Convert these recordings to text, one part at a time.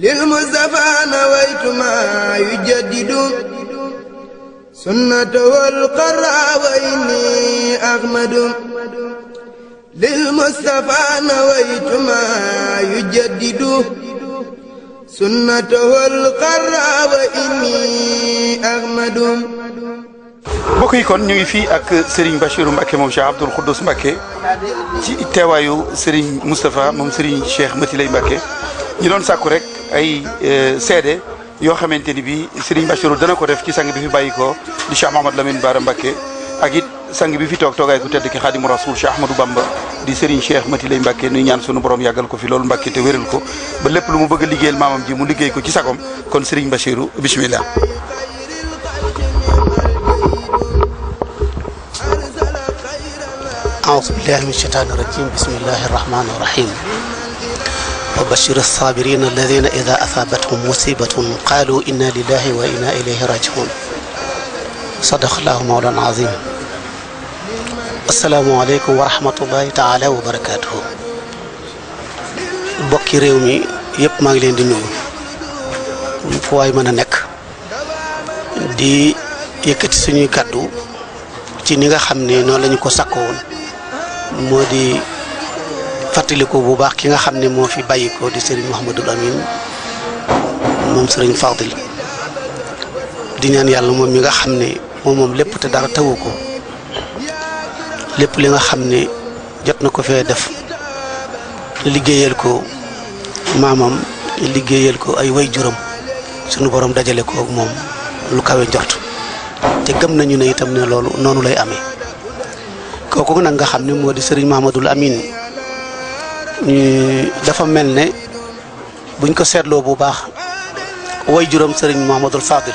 للمصطفى نويت ما يجدد سنته القرى وإني أغمد للمصطفى نويت ما يجدد سنته yi kon ñu ngi fii ak Serigne Bachirou Mbacke moom Cheikh Abdoul Khoudous Mbacke ci teewaayu Serigne Moustapha moom Serigne Cheikh Matilay Mbacke ñu doon sàkku rek ay euh, seede yoo xamante ni bi Serigne Bachirou dana ko def ci sang bi fi bàyyi ko di Cheikh Mahamad Lamine Bara Mbacké ak it sang bi fi toog toogaay ku tedd ki Xaadimu Rasuul Cheikh Ahmadou Bamba di Serigne Cheikh Mati lay Mbacké nuy ñaan sunu borom yàggal ko fi loolu Mbacké te wéral ko ba lépp lu mu bëgg a liggéeyal maamam ji mu liggéey ko ci sagom kon Serigne Bachirou bismillah aouzu billahi min shaytaani rajim wa bashir as-saabiriina alladina ida asaabathum qaalu inna lillahi wa inna ilayhi rajiun sadaqallahu mawlan azim asalaamaaleykum wa rahmatullahi taala wa barakaatuhu bokki réew mi yépp maa ngi leen di nuyu fu waay mën a nekk di yëkkati suñuy kàddu ci ni nga xam ne noonu la ko sakkoon moo di fàttaliku bu baax ki nga xam ne moo fi bàyyi ko di sëriñ Mouhamadul Amine moom sëriñ Fadil di ñaan yàlla moom mi nga xam ne moom moom lépp te dara tawu ko lépp li nga xam ne jot na ko fee def liggéeyal ko maamam liggéeyal ko ay way juróom sunu borom dajale ko moom lu kawe njort te gëm nañu ne itam ne loolu noonu lay amee kooku nag nga xam ne moo di sëriñ Mouhamadul Amine. dafa mel ne buñ ko seetloo bu baax way juróom sëriñ Mouhamadul Fadil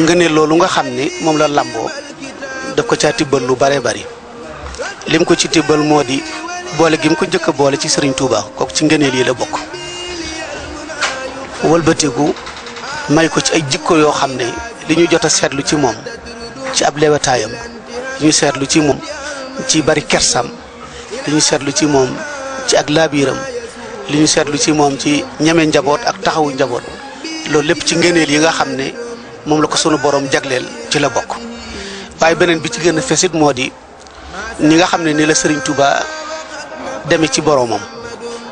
nga loolu nga xam ne moom la làmboo daf ko caa tibbal lu bare bari lim ko ci tibbal moo di boole gi mu ko njëkk boole ci sëriñ Touba kooku ci ngëneel yi la bokk wëlbatiku may ko ci ay jikko yoo xam ne li ñu jot a seetlu ci moom ci ab lewetaayam li ñu seetlu ci moom ci bari kersam li ñu seetlu ci moom ci ak laabiiram li ñu seetlu ci moom ci ñeme njaboot ak taxawu njaboot loolu lépp ci ngëneel yi nga xam ne moom la ko sunu borom jagleel ci la bokk waaye beneen bi ci gën a fesit moo di ñi nga xam ne ni la Serigne Touba demee ci boroomam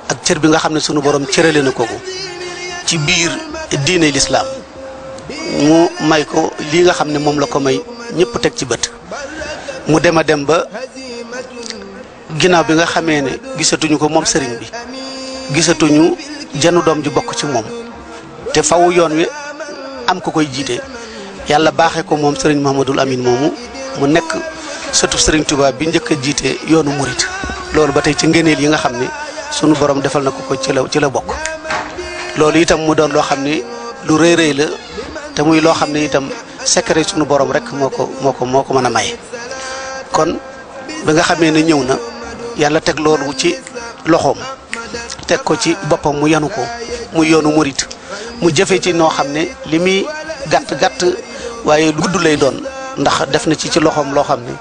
ak cër bi nga xam ne sunu borom cërale na ko ko ci biir diine lislaam mu may ko lii nga xam ne moom la ko may ñëpp teg ci bët mu dem a dem ba ginnaaw bi nga xamee ne gisatuñu ko moom sëriñ bi gisatuñu jenn doom ji bokk ci moom te fawu yoon wi am ko koy jiite yàlla baaxee ko moom sëriñ Mahamadul Amin moomu mu nekk sëtu sëriñ Tuubaa bi njëkk a jiite yoonu murit loolu ba tey ci ngëneel yi nga xam ne sunu borom defal na ko ko ci la ci la bokk loolu itam mu doon loo xam ne lu rëy rëy la te muy loo xam ne itam secret sunu borom rek moo ko moo ko moo ko mën a maye kon bi nga xamee ne ñëw na. yàlla teg loolu ci loxoom teg ko ci boppam mu yanu ko mu yoonu murit mu jëfe ci noo xam ne li muy gàtt gàtt waaye gudd lay doon ndax def na ci ci loxoom loo xam ne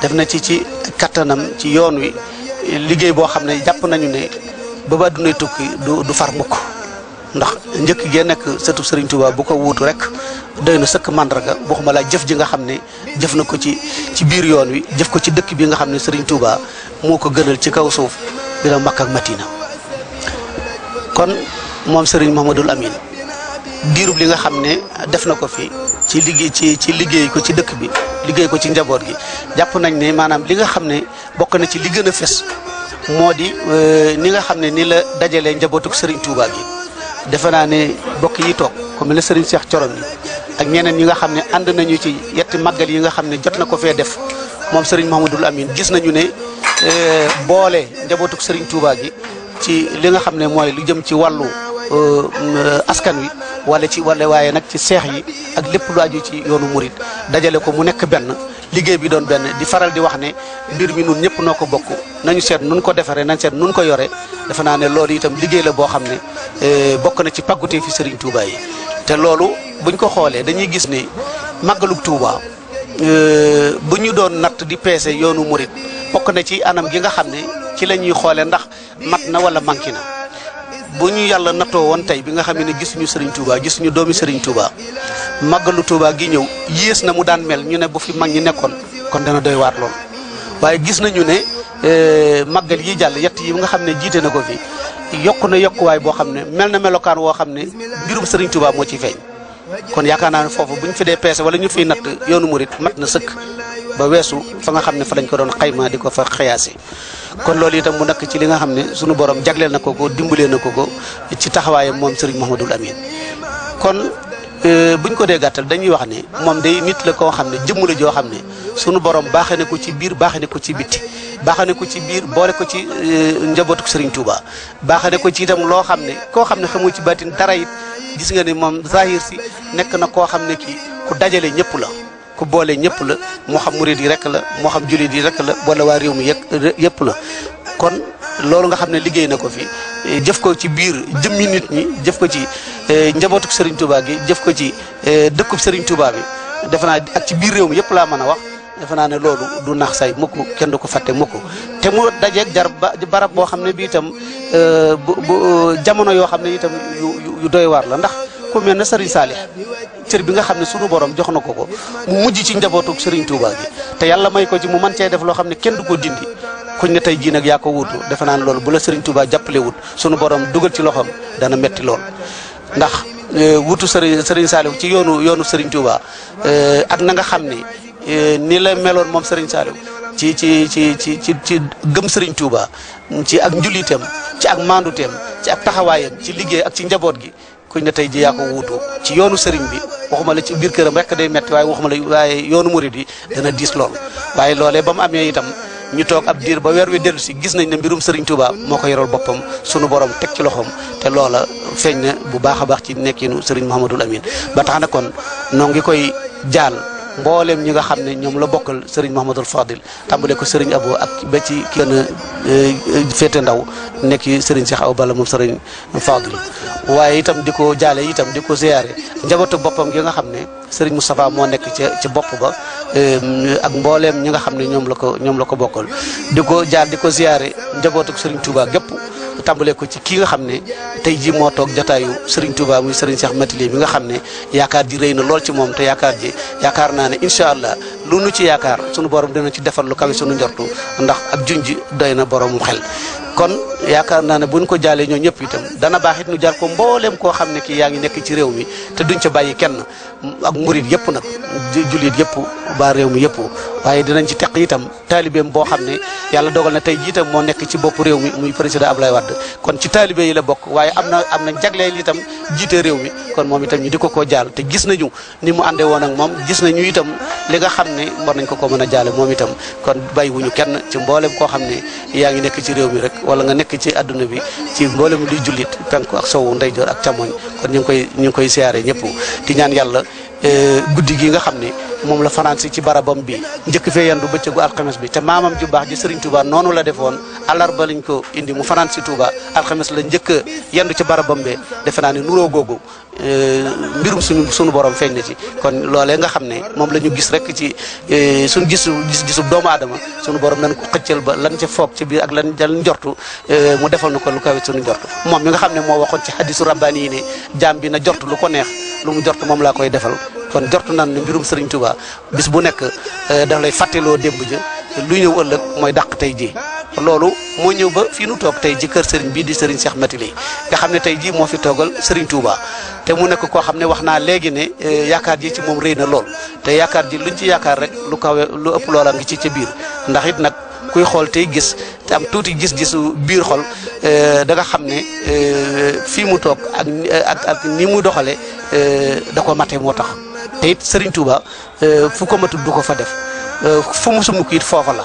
def na ci ci kattanam ci yoon wi liggéey boo xam ne jàpp nañu ne ba ba dunay tukki du du far mukk ndax njëkk gee nekk sëtub Serigne bu ko wuutu rek doy na sëkk màndarga waxuma laa jëf ji nga xam ne jëf na ko ci ci biir yoon wi jëf ko ci dëkk bi nga xam ne Serigne Touba moo ko gënal ci kaw suuf dina Makka ak Madina kon moom Serigne Mouhamadoul Amine diirub li nga xam ne def na ko fi ci liggéey ci ci liggéey ko ci dëkk bi liggéey ko ci njaboot gi jàpp nañ ne maanaam li nga xam ne bokk na ci li gën a fes moo di euh, ni nga xam ne ni la dajalee njabootuk Serigne Touba gi. defe naa ne bokk yi toog ku mel ne Serigne Corom yi ak ñeneen yi nga xam ne ànd nañu ci yetti màggal yi nga xam ne jot na ko fee def moom Serigne Mouhamadoul Amine gis nañu ne euh, boole njabootug sëriñ Touba gi ci li nga xam ne mooy lu jëm ci wàllu euh, askan wi wala ci wala waaye nag ci seex yi ak lépp lu aju ci yoonu murit dajale ko mu nekk benn. liggéey bi doon benn di faral di wax ne mbir mi nun ñëpp noo ko bokk nañu seet nun ko defaree nañ seet nun ko yore dafa naa ne loolu itam liggéey la boo xam ne eh, bokk na ci pàggutee fi Serigne Touba yi te loolu buñ ko xoolee dañuy gis ni màggalug Touba eh, bu ñu doon natt di peese yoonu murit bokk na ci anam gi nga xam ne ci la ñuy xoolee ndax mat na wala manqué na bu ñu yàlla nattoo woon tey bi nga xam ne gisuñu Serigne Touba gisuñu doomi Serigne Touba màggalu Tuubaa gi ñëw yées na mu daan mel ñu ne bu fi mag ñi nekkoon kon dana doy waar lool waaye gis nañu ne eh, màggal yi jàll yett yi nga xam ne jiite na ko fi yokk na yokkuwaay boo xam ne mel na melokaan woo xam ne mbirum Sëriñ Tuubaa moo ciy feeñ kon yaakaar naa ne foofu bu ñu fi dee peese wala ñu fiy natt yoonu murit mat na sëkk ba weesu fa nga xam ne fa lañ ko doon xayma di ko fa xëyaasi kon loolu itam mu nekk ci li nga xam ne sunu borom jagleel na ko ko dimbalee na ko ko ci taxawaayam moom Serigne Mouhamadoul Amine kon Euh, buñ ko dee gàttal dañuy wax ne moom de nit la koo xam ne jëmm la joo xam ne sunu borom baaxee na ko ci biir baaxee na ko ci bitti baaxee ko ci biir boole ko ci euh, njabootu Serigne Touba baaxee na ko ci itam loo xam ne koo xam ne xamoo ci baatin dara it gis nga ne moom zahir si nekk na koo xam ne kii ku dajale ñëpp la. ku boole ñëpp la moo xam murid yi rek la moo xam jullit yi rek la boole waa réew mi yëpp la loolu nga xam ne liggéey na ko fi jëf ko ci biir jëmmi nit ñi jëf ko ci eh, njabootuk Serigne Touba gi jëf ko ci eh, dëkku sëriñ Touba bi defe naa ak ci biir réew mi yëpp laa mën a wax defe naa ne loolu du naax say mukk kenn du ko fàtte mukk te mu dajeeg jar barab boo xam ne bi itam eh, bu jamono yoo xam ne itam yu doy waar la ndax ku mel ne Serigne Salih cër bi nga xam ne sunu borom jox na ko ko mu mujj ci njabootuk Serigne Touba gi te yàlla may ko ci mu mën cee def loo xam ne kenn du ko dindi koñ ne tey jii nag yaa ko wuutu defe naa ne loolu bu la Serigne Touba jàppale wut sunu borom dugal ci loxoom dana metti lool ndax e, wutu Serigne Serigne Saliou ci yoonu yoonu Serigne Touba e, ak na nga xam ni e, ni la meloon moom Serigne Saliou ci ci ci ci ci ci gëm Serigne Touba ci ak njuliteem ci ak maanduteem ci ak taxawaayam ci liggéey ak ci njaboot gi kuñ ne tey ji yaa ko wuutu ci yoonu Serigne bi waxuma la ci biir këram rek day metti waaye waxuma la waaye yoonu murid yi dana diis lool waaye loolee ba mu amee itam. ñu toog ab diir ba weer wi dellu si gis nañ ne mbirum Serigne Touba moo ko yoral boppam sunu borom teg ci loxoom te loola feeñ ne bu baax a baax ci nekkinu Serigne Mouhamadul Amin ba tax na kon noo ngi koy jaal. mbooleem ñi nga xam ne ñoom la bokkal sëriñ Mahamadul Fadil tàmbale ko sëriñ Abo ak ba ci ki gën eh, féete ndaw nekk sëriñ Cheikh Awa Balla moom sëriñ Fadil waaye itam di ko jaale itam di ko ziyaare njabootu boppam gi nga xam ne sëriñ Moustapha moo nekk ca ci bopp ba eh, ak mbooleem ñi nga xam ne ñoom la ko ñoom la ko bokkal di ko jaar di ko ziyaare njabootu sëriñ Touba gépp tàmbalee ko ci kii nga xam ne tey ji moo toog jotaayu Serigne Touba muy Serigne Cheikh Matili mi nga xam ne yaakaar ji rëy na lool ci moom te yaakaar ji yaakaar naa ne incha allah lu nu ci yaakaar sunu boroom dina ci defal lu kawe sunu njortu ndax ab junj doy na boroomu xel kon yaakaar naa ne buñ ko jaalee ñoo ñëpp itam dana baax it nu jaar ko mbooleem koo xam ne kii yaa ngi nekk ci réew mi te duñ ca bàyyi kenn ak murit yëpp nag jullit yëpp baa réew mi yëpp waaye dinañ ci teq itam taalibeem boo xam ne yàlla dogal na tey jii moo nekk ci bopp réew mi muy président Abdoulaye Wade kon ci taalibe yi la bokk waaye am na am na jagleel itam jiite réew mi kon moom itam ñu di ko koo jaal te gis nañu ni mu àndee woon ak moom gis nañu itam li nga xam ne war nañ ko ko mën a jaale moom itam kon bàyyiwuñu kenn ci mbooleem koo xam ne yaa ngi nekk ci réew mi rek wala nga nekk ci àdduna bi ci mboolem di jullit penku ak sowu ndeyjoor ak camoñ kon ñu ngi koy ñu ngi koy siyaare ñëpp di ñaan yàlla Eh, guddi gi nga xam ne moom la fanaan si ci barabam bi njëkk fee yandu bëccëgu alxames bi te maamam ju baax ji Serigne Touba noonu la defoon àllarba lañ ko indi mu fanaan si Touba alxames la njëkk yandu ci barabam be defe naa ne nuroo googu eh, mbirum suñu suñu borom feeñ na ci kon loolee nga xam ne moom la ñu gis rek ci eh, suñu gisu gis gisu doomu aadama suñu borom nan ko xëccal ba lan ca foog ci biir ak lan lan njortu mu defal na ko lu kawe suñu njortu moom mi nga xam ne moo waxoon ci hadisu rabbani yi bi na jortu ko neex lu mu jort moom laa koy defal kon jort naan mbirum Serigne Touba bis bu nekk eh, daf lay fàtteloo démb ja lu ñëw ëllëg mooy daq tey ji loolu moo ñëw ba fii nu toog tey ji kër Serigne bii di Serigne Cheikh Mati Ly nga xam ne tey jii moo fi toogal Serigne Touba te mu nekk koo xam ne wax naa léegi ne eh, yaakaar ji ci moom rëy na lool te yaakaar ji luñ ci yaakaar rek lu kawe lu ëpp loola ngi ci ca biir ndax it nag. kuy xool tey gis te am tuuti gis-gisu biir xol eh, da nga xam ne eh, fii mu toog ak eh, ak ak ni muy doxalee da ko mate moo tax te it Serigne Touba fu ko matul du ko fa def fu mu sumb it foofa la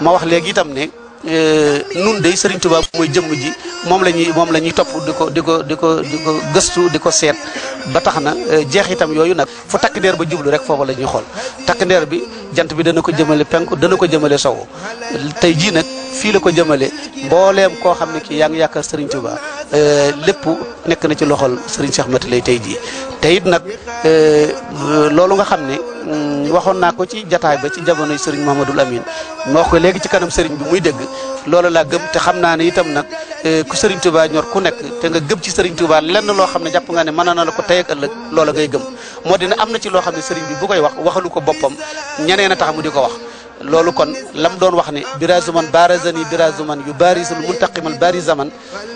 ma wax léegi itam ne. Euh, nun day Serigne Touba mooy jëmm ji moom la ñuy moom la ñuy topp di ko di ko di ko di ko gëstu di ko seet ba tax na euh, jeex itam yooyu nag fu takk ndeer ba jublu rek foofu la ñuy xool takk ndeer bi jant bi dana ko jëmale penku dana ko jëmale sowu tey jii nag fii la ko jëmale mbooleem koo xam ne kii yaa ngi yaakaar Serigne Touba euh, lépp nekk na ci loxol Serigne Cheikh Mati lay tey jii te it nag euh, loolu nga xam ne mm, waxoon naa ko ci jataay ba ci jamonoy sëriñ Mamadou Amine ma wax ko léegi ci kanam Serigne bi muy dégg loolu laa gëm te xam naa ne itam nag euh, ku Serigne Touba ñor ku nekk te nga gëm ci Serigne Touba lenn loo xam ne jàpp nga ne mën na la ko tey ak ëllëg loola ngay gëm moo dina am na ci loo xam ne Serigne bi bu koy wax waxalu ko boppam ñeneen a tax di ko wax. loolu kon lam doon wax ne birazuman barazani birazuman yu bari barisul muntaqimal bari zaman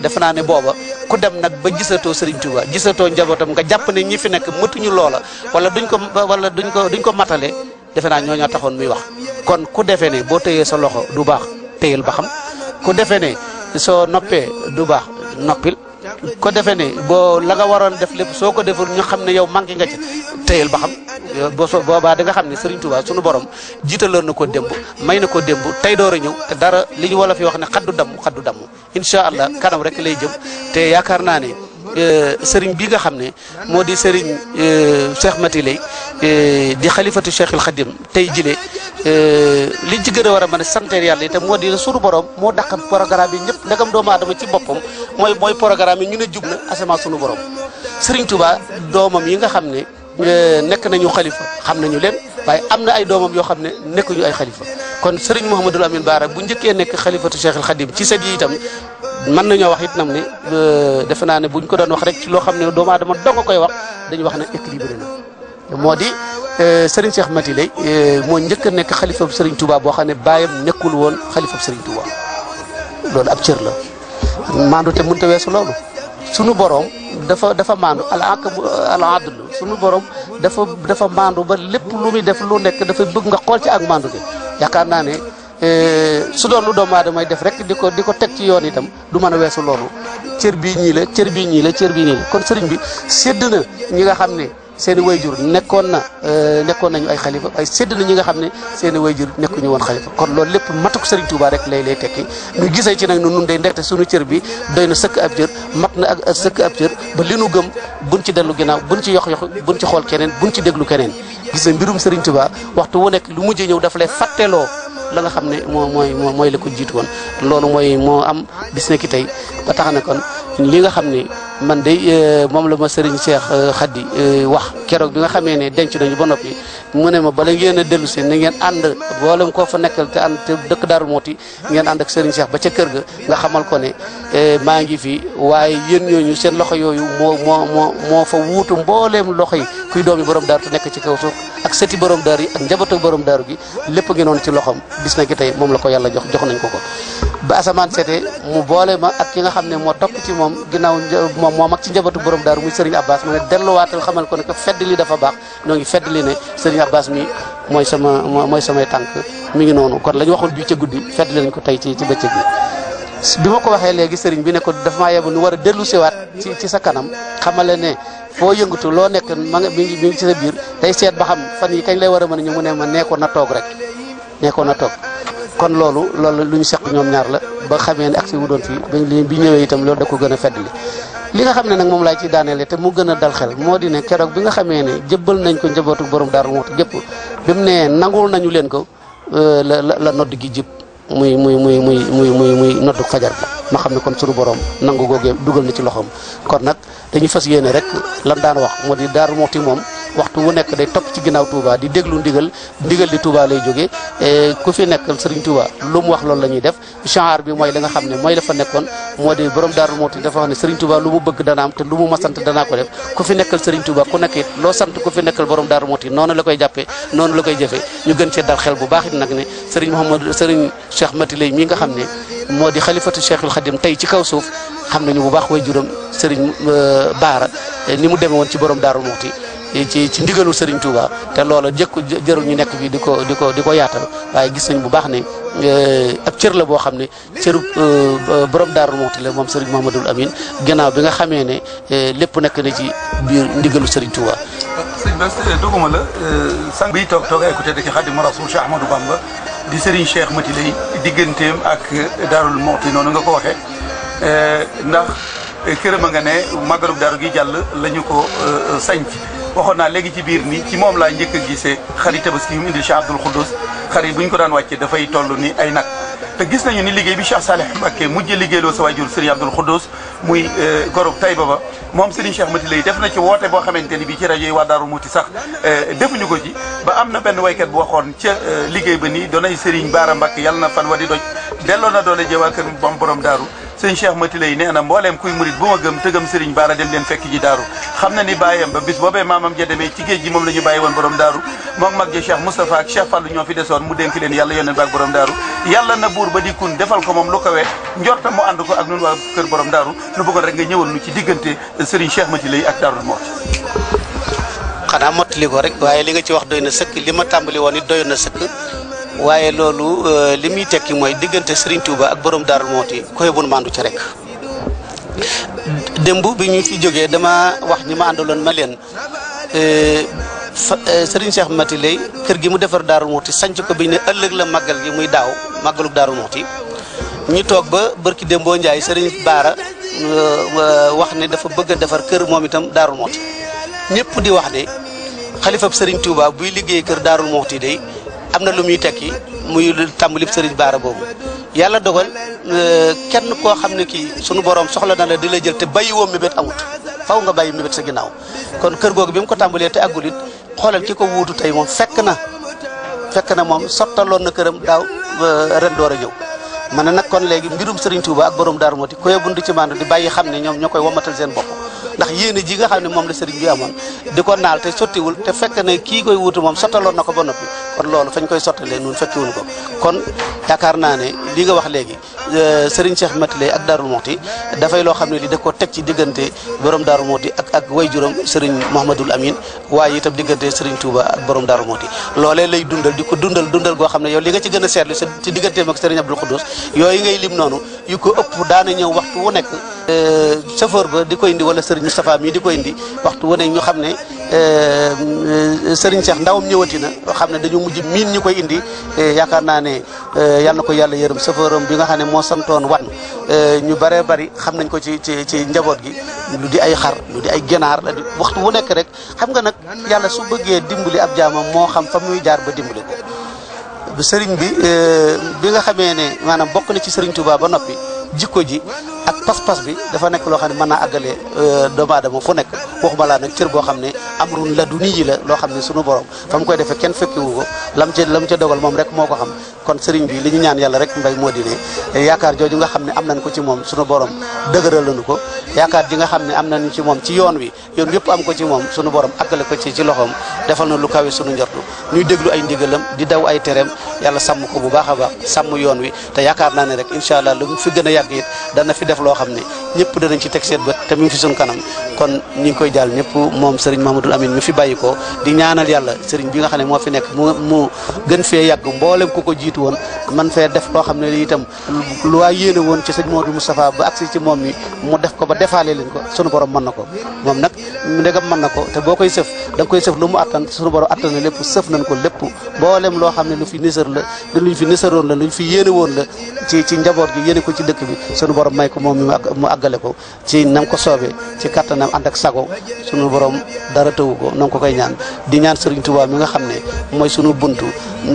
def naa ne booba ku dem nag ba gisatoo Serigne Touba gisatoo njabootam nga jàpp ne ñi fi nekk mëtuñu loola wala duñ ko wala duñ ko duñ ko matale defe naa ñoo ñoo taxoon muy wax kon ku defee ne boo téyee sa loxo du baax téyel ba xam ku defee ne soo noppee du baax noppil ko defee ne boo la nga waroon def lépp soo ko deful ñu xam ne yow manqué nga ci téyel ba xam boo soo boobaa da nga xam ne Serigne Touba sunu borom jiitaloon na ko démb may na ko démb tey door a ñëw te dara li wolof yi wax ne xaddu damm xaddu damm incha allah kanam rek lay jëm te yaakaar naa ne euh, sëriñ bi nga xam ne moo di sëriñ euh, Cheikh Mati Lay euh, di xalifatu Cheikhul Khadim tey jile liñ ci gën a war a mën a santeer moo di suñu borom moo dàq programme yi ñëpp ndagam doomu aadama ci boppam mooy mooy programme yi ñu ne jub na borom yi nga xam ne. Euh, nekk nañu xalifa xam nañu leen waaye am na ay doomam yoo xam ne nekkuñu ay xalifa kon sëriñ Serigne Mouhamadul Amine Baara bu njëkkee nekk xalifatu Cheikh al Khadim ci sët yi itam mën nañoo wax itam ne euh, defe naa ne buñ ko doon wax rek ci loo xam ne doomu aadama dong koy wax dañu wax ne équilibré na moo di euh, Serigne Cheikh Mati lay moo njëkk nekk xalifab sëriñ Touba boo xam ne baayam nekkul woon xalifab Serigne Touba loolu ab cër la maandu te mënut a weesu loolu. sunu borom dafa dafa maandu al ak al adlu sunu borom dafa dafa maandu ba lépp lu muy def lu nekk dafa bëgg nga xool ci ak maandu gi yaakaar naa ne eh, su doon lu doomu aadamay def rek di ko di ko teg ci yoon itam du mën a weesu loolu cër bii ñii la cër bii ñii la cër bii ñii kon sëriñ bi sédd na ñi nga xam ne seen i wayjur nekkoon na euh, nekkoon nañu ay xalifa waaye sédd na ñi nga xam ne seen i jur nekkuñu woon xalifa kon loolu lépp matuk Serigne Touba rek lay lay tekki ñu gisee ci nag nun day ndekte suñu cër bi doy na sëkk ab cër mat na ak sëkk ab cër ba li nu gëm buñ ci dellu ginnaaw buñ ci yox yox buñ ci xool keneen buñ ci déglu keneen gis na mbirum Serigne Touba waxtu wu nekk lu mujjee ñëw dafa lay fàtteloo la nga xam ne moo mooy mooy la ko jiitu woon loolu mooy moo am bis ne ki tey ba tax na kon li nga xam ne man day euh, moom la ma sëriñ Cheikh euh, Khady euh, wax keroog bi nga xamee ne denc nañu ba noppi mu ne ma bala ngeen a dellu si na ngeen ànd boolem koo fa nekkal te ànd te dëkk Darou Mouhty ngeen ànd ak sëriñ Cheikh ba ca kër ga nga xamal ko ne maa ngi fi waaye yéen ñooñu seen loxo yooyu moo moo moo moo fa wuutu mbooleem loxo yi kuy doomi borom daaru te nekk ci kaw suuf ak sëti borom daaru yi ak njabootu borom daaru gi lépp ngeen woon ci loxoom gis na ki tey moom la ko yàlla jox jox nañ ko ko ba asamaan seete mu boole ma ak ki nga xam ne moo topp ci moom ginnaaw moom moo mag ci njabootu borom daaru muy Serigne Abbas mu ne delluwaatal xamal ko ne ko fedd li dafa baax ñoo ngi fedd li ne Serigne Abbas mi mooy mooy samay tànk mi ngi noonu kon la ñu waxoon bi ca guddi fedd li ko tey ci ci bëccëg bi bi ma ko waxee léegi Serigne bi ne ko dafa maa yebbu nu war a dellu siwaat ci ci sa kanam xamale ne foo yëngatu loo nekk ma nga mi ci sa biir day seet ba xam fan yi kañ lay war a mën a ñëw mu ne ma nee ko toog rek nekkoon a toog kon loolu loolu lu ñu seq ñoom ñaar la ba xamee ne agsi wu doon fii bañ li bi ñëwee itam loolu da ko gën a feddali li nga xam ne nag moom laay ci daaneele te mu gën a dal xel moo di ne keroog bi nga xamee ne jëbbal nañ ko njabootu borom Daaru Muxti gépp bi mu ne nangul nañu leen ko euh, la la nodd gi jib muy muy muy muy muy muy muy noddu fajar bi ma xam ne kon sunu borom nangu googee dugal na ci loxoom kon nag dañu fas yéene rek lan daan wax moo di Daaru Muxti moom waxtu wu nekk day topp ci ginnaaw Touba di déglu ndigal ndigal di Touba lay jógee ku fi nekkal Serigne Touba lu mu wax loolu la ñuy def genre bi mooy la nga xam ne mooy la fa nekkoon moo di borom Darou Mouhty dafa wax ne Serigne Touba lu mu bëgg dana am te lu mu ma sant danaa ko def ku fi nekkal Serigne Touba ku nekk loo sant ku fi nekkal borom Darou Mouhty noonu la koy jàppee noonu la koy jëfee ñu gën cee dal xel bu baax it nag ne Serigne Mouhamadou Serigne Cheikh Mati Lay mi nga xam ne moo di xalifatu Cheikhul Khadim tey ci kaw suuf xam ñu bu baax way juróom Serigne e, Baara e, ni mu demee woon ci borom Darou Mouhty ci ci ndigalu Serigne Touba te loola jëkku jërul ñu nekk fii di ko di ko di ko yaatal waaye gis nañ bu baax ne euh, ab cër la boo xam ne cëru euh, borom Daaru Muxti la moom Serigne Mouhamadoul Amine gannaaw bi nga xamee ne euh, lépp nekk na ci biir ndigalu sëriñ Touba. sëñ Bass doguma la sànq biy toog toog ay côté da ci Xaadimu Rasuul Cheikh Ahmadou Bamba di Serigne Cheikh Mati lay digganteem ak Daarul Muxti noonu nga ko waxe ndax këram nga ne màggalu daaru gi jàll la ko sañc waxoon naa léegi ci biir nii ci moom laa njëkk a gisee xari tabaski yu mu indil Cheikh Abdoul Khoudous bu ñu ko daan wàccee dafay toll ni ay nag te gis nañu ni liggéey bi Cheikh Salih Mbacké mujj liggéeyloo sa waajur Serigne Abdoul Khoudous muy euh, gorob Taïba ba moom Serigne Cheikh Mati lay def na ci woote boo xamante ni bii ci rajo yi waa Daaru Muti sax euh, defuñu ko ci ba am na benn waykat bu waxoon ca euh, liggéey ba nii doonay Serigne Baara Mbacké yal na fan wa di doj delloo na doole jëwaa kër bam borom daaru sëñ Cheikh Mati lay nee na mbooleem kuy murit bu ma gëm tëgam Serigne Bara dem leen fekk ji daaru xam na ni bàyyam ba bis boobee maamam ja demee ci géej gi moom la ñu bàyyi woon borom daaru moom mag ja Cheikh Moustapha ak Cheikh Fallou ñoo fi desoon mu dénk leen yàlla yoneen ba ak borom daaru yàlla na buur ba di kun defal ko moom lu kawe njorta mu ànd ko ak nun waa kër borom daaru nu bëggoon rek nga ñëwal nu ci diggante Serigne Cheikh Mati lay ak daarul xanaa mottali ko rek waaye li nga ci wax doy na sëkk li ma tàmbali woon it doy na sëkk waaye loolu euh, li muy tekki mooy diggante Serigne Touba ak borom Darou Mouhty koy bun mandu ci rek. démb bi ñu fi jógee dama wax ñi ma àndaloon ma leen euh, euh, Serigne Cheikh Mati lay kër gi mu defar Darou Mouhty sanc ko bi ne ëllëg la màggal gi muy daaw màggalug Darou Mouhty ñu toog ba barki demboo Ndiaye sëriñ Baara wax ne dafa bëgg a defar kër moom itam Darou Mouhty ñëpp di wax ne xalifab Serigne Touba buy liggéey kër daarul Mouhty day am na lu muy tekki muy tàmbali sëriñ baara boobu yàlla dogal euh, kenn koo xam ne kii sunu borom soxla na la di la jël te bàyyi woo mébét amut faw nga bàyyi mébét sa ginnaaw kon kër googu bi mu ko tàmbalee te àggul it xoolal ki ko wuutu tey moom fekk na fekk na moom sottaloon na këram daaw euh, ren door a ñëw ma ne nag kon léegi mbirum Serigne Touba ak borom Darou Moti koy bund ci maandu di bàyyi xam ne ñoom ñoo koy womatal seen bopp ndax yéene ji nga xam moom la Serigne bi amoon di ko naal te sottiwul te fekk na kii koy wuutu moom sottaloon na ko ba noppi kon loolu fañ koy sottalee nun fekkiwuñ ko kon yaakaar naa ne li nga wax léegi euh, Serigne Cheikh Matilé ak Darou Mouhty dafay loo xam ne li da ko teg ci diggante borom Darou Mouhty ak ak way juróom Serigne Mouhamadoul Amine waaye itam diggante Serigne Touba borom Darou Mouhty loolee lay dundal di ko dundal dundal goo xam ne yow li nga ci gën a seetlu sa ci digganteem ak Serigne Abdoul Khoudous yooyu ngay lim noonu yu ko ëpp daana ñëw waxtu wu nekk euh, chauffeur ba di ko indi wala Serigne Moustapha mii di ko indi waxtu wu ne ñu xam ne Euh, euh, Serigne Cheikh ndawam ñëwati na xam ne dañu mujj miin ñu koy indi euh, yaakaar naa ne yal na ko yàlla yërëm safaaram bi nga xam ne moo santoon wan ñu bëree bari xam nañ ko ci ci ci njaboot gi lu di ay xar lu di ay ginaar la di waxtu wu nekk rek xam nga nag yàlla su bëggee dimbali ab jaamam moo xam fa muy jaar ba dimbali ko sëriñ bi bi nga xamee ne maanaam bokk na ci Serigne tubaab ba noppi jikko ji pas-pas bi dafa nekk loo xam ne mën naa àggale euh, doomu aadama fu nekk waxuma laa cër boo xam ne amrun la du nii ji la loo xam ne sunu borom fa mu koy defee kenn fekkiwu ko lam ca ca dogal moom rek moo ko xam kon sëriñ bi li ñu ñaan yàlla rek mbay moo di ne yaakaar jooju nga xam ne am nañ ko ci moom sunu borom dëgëral lañu ko yaakaar ji nga xam ne am nañ ci moom ci yoon wi yoon yëpp am ko ci moom sunu borom àggale ko ci ci loxoom defal na lu kawe sunu njortu ñuy déglu ay ndigalam di daw ay tereem yàlla sàmm ko bu baax a baax sàmm yoon wi te yaakaar naa ne rek incha allah lu mu fi gën yàgg it dana loo xam ne ñëpp danañ ci teg seet bët te mu ngi fi suñ kanam kon ñu ngi koy jàll ñëpp moom sëriñ Mahamadul Amin mi fi bàyyi ko di ñaanal yàlla sëriñ bi nga xam ne moo fi nekk mu gën fee yàgg mboolem ku ko jiitu woon man fee def loo xam ne lu waa yéene woon ci sëñ Modou Moustapha ba agsi ci moom mi mu ko ba defaale leen ko sunu borom mën na ko moom nag ndegam mën na ko te boo koy sëf da nga koy sëf lu mu attan sunu borom attan na lépp sëf nañ ko lépp mboolem loo xam ne lu fi nisër la luñ fi nisëroon la luñ fi yéene woon la ci ci njaboot gi yéene ko ci dëkk bi sunu borom may ko moom mu àggale ko ci nam ko soobee ci kattanam ànd ak sago sunu borom dara tëwu ko na ko koy ñaan di ñaan Serigne Touba mi nga xam ne mooy sunu buntu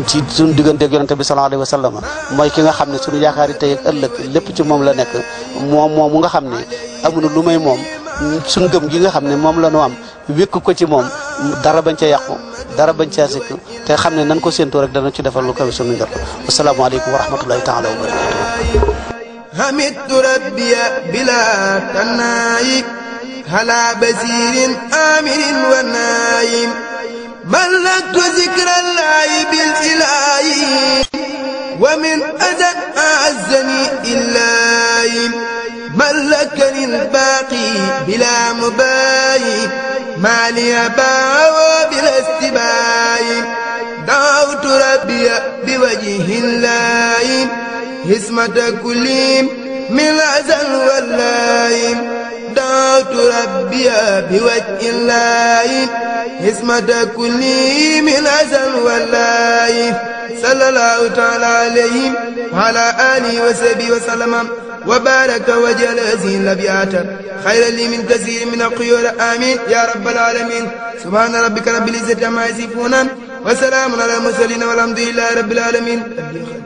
ci sunu digganteeg yonente bi sallallahu alayhi wa sallam mooy ki nga xam ne sunu yaakaar yi tey ak ëllëg lépp ci moom la nekk moom moomu nga xam ne amuñu lu may moom sunu gëm gi nga xam ne moom la ñu am wékk ko ci moom dara bañ ca yàqu dara bañ ca sikk te xam ne nan ko séentoo rek dana ci defal lu kaw sunu njort asalaamaaleykum wa rahmatullahi taala wa barakatuh حمدت ربي بلا تنايب على بزير آمر ونايم بلغت ذكر الله بالإله ومن أذى أعزني إلاي ملكني الباقي بلا مبايب ما لي باع بلا حسمة كليم من الأزل واللايم دعوت ربي بوجه الله حسمة كليم من الأزل واللايم صلى الله تعالى عليه وعلى آله وصحبه وسلم وبارك وجل هذه النبيات خير لي من كثير من القيود آمين يا رب العالمين سبحان ربك رب العزة عما يصفون وسلام على المرسلين والحمد لله رب العالمين